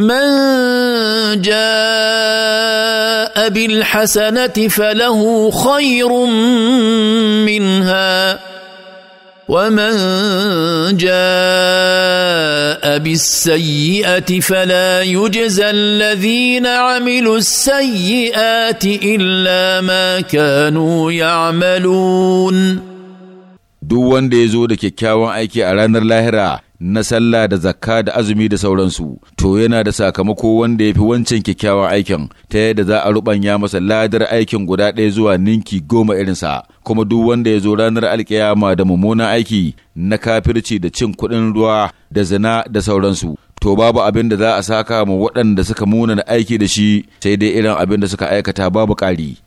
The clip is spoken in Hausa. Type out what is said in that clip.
من جاء بالحسنه فله خير منها ومن جاء بالسيئه فلا يجزى الذين عملوا السيئات الا ما كانوا يعملون duk wanda ya zo da kyakkyawan aiki a ranar lahira na sallah da zakka da azumi da sauransu to yana da sakamako wanda ya fi wancan kyakkyawan aikin ta yadda za a rubanya masa ladar aikin guda ɗaya zuwa ninki goma irinsa kuma duk wanda ya zo ranar alkiyama da mummunan aiki na kafirci da cin kuɗin ruwa da zina da sauransu to babu abin da za a saka ma waɗanda suka munana aiki da shi sai dai irin abin da suka aikata babu ƙari